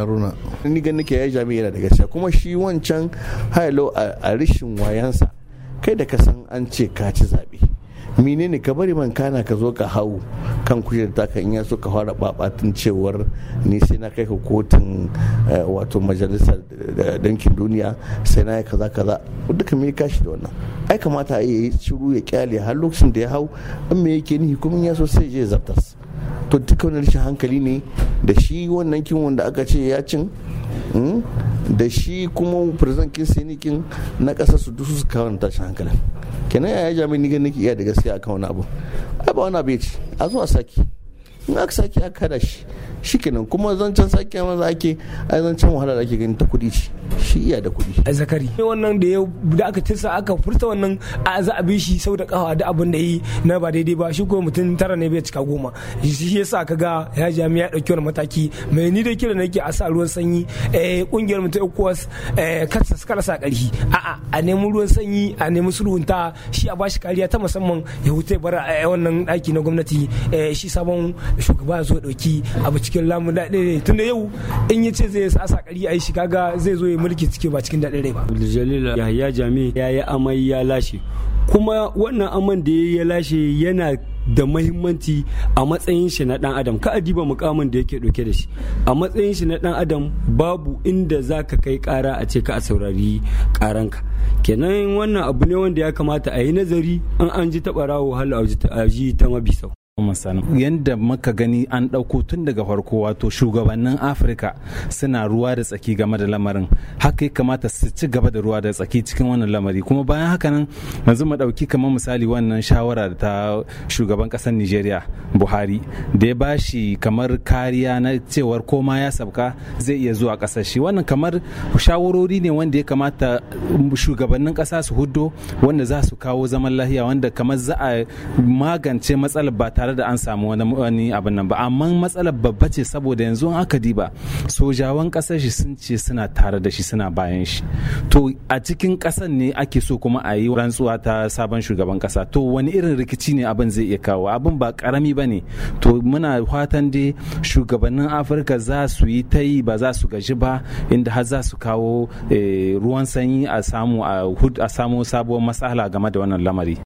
haruna ni ganin ke ya jami'a yana daga gaskiya kuma shi wancan hailo a rishin wayansa kai da ka san an ce ka ci zaɓe menene ka bari man kana ka zo ka hau kan kujerar taka in so ka fara babatin cewar ni sai na kai ka kotun eh, wato majalisar dankin eh, duniya sai na yi kaza kaza duka me kashi da wannan ai kamata a yi shiru ya kyale har lokacin da ya hau in me yake ni kuma ya so sai je zartas to duka wani rashin hankali ne da shi wannan kiwon da aka ce ya cin hmm? da shi kuma firzan kin sinikin na ƙasar su dusu su kawo tashin hankalin kenan yi jami'in ni ganin iya da gaskiya akan wani abu ai ba wani abu ya ci a zo a saki in aka sake a kada shi shikenan kuma zancen sake maza ake ai zancen wahala da ake ganin ta kudi ce shi iya da kudi. a zakari wannan da ya da aka tisa aka furta wannan a za a bi shi sau da kawa da abin da yi na ba daidai ba shi ko mutum tara ne bai cika goma shi yasa ka ga ya jami ya dauki wani mataki mai ni da kira yake a sa ruwan sanyi eh kungiyar mu ta ECOWAS eh kasa kara sa karfi a'a a nemi ruwan sanyi a nemi sulhunta shi a bashi kariya ta musamman ya huce bara eh, wannan daki na gwamnati eh, shi sabon shugaba zo dauki abu cikin lamun daɗe ne tunda yau in ya ce zai sa sakari a yi shi kaga zai zo ya mulki cike ba cikin daɗe ba Abdul Yahya Jami ya yi amai ya lashe kuma wannan aman da ya lashe yana da mahimmanci a matsayin shi na dan adam ka adiba mukamin da yake dauke da shi a matsayin shi na dan adam babu inda za ka kai kara a ce ka a saurari karanka kenan wannan abu ne wanda ya kamata a yi nazari an an ji taɓa rawo hal a ji ta mabisau yadda muka gani an ɗauko tun daga farko wato shugabannin afirka suna ruwa da tsaki game da lamarin haka ya kamata su ci gaba da ruwa da tsaki cikin wannan lamari kuma bayan haka nan yanzu mu ɗauki kamar misali wannan shawara da ta shugaban ƙasar nigeria buhari da ya ba shi kamar kariya na cewar koma ya sabka zai iya zuwa ƙasar shi wannan kamar shawarori ne wanda ya kamata shugabannin ƙasa su huddo wanda za su kawo zaman lahiya wanda kamar za a magance matsalar ba ta tare da an samu wani abin nan ba amma matsalar babba ce saboda yanzu aka diba sojawan kasar shi sun ce suna tare da shi suna bayan shi to a cikin kasan ne ake so kuma a yi rantsuwa ta sabon shugaban kasa to wani irin rikici ne abin zai iya kawo abin ba karami ba ne to muna fatan dai shugabannin afirka za su yi ta yi ba za su gaji ba inda har za su kawo eh, ruwan sanyi a samu a samu sabuwar matsala game da wannan lamari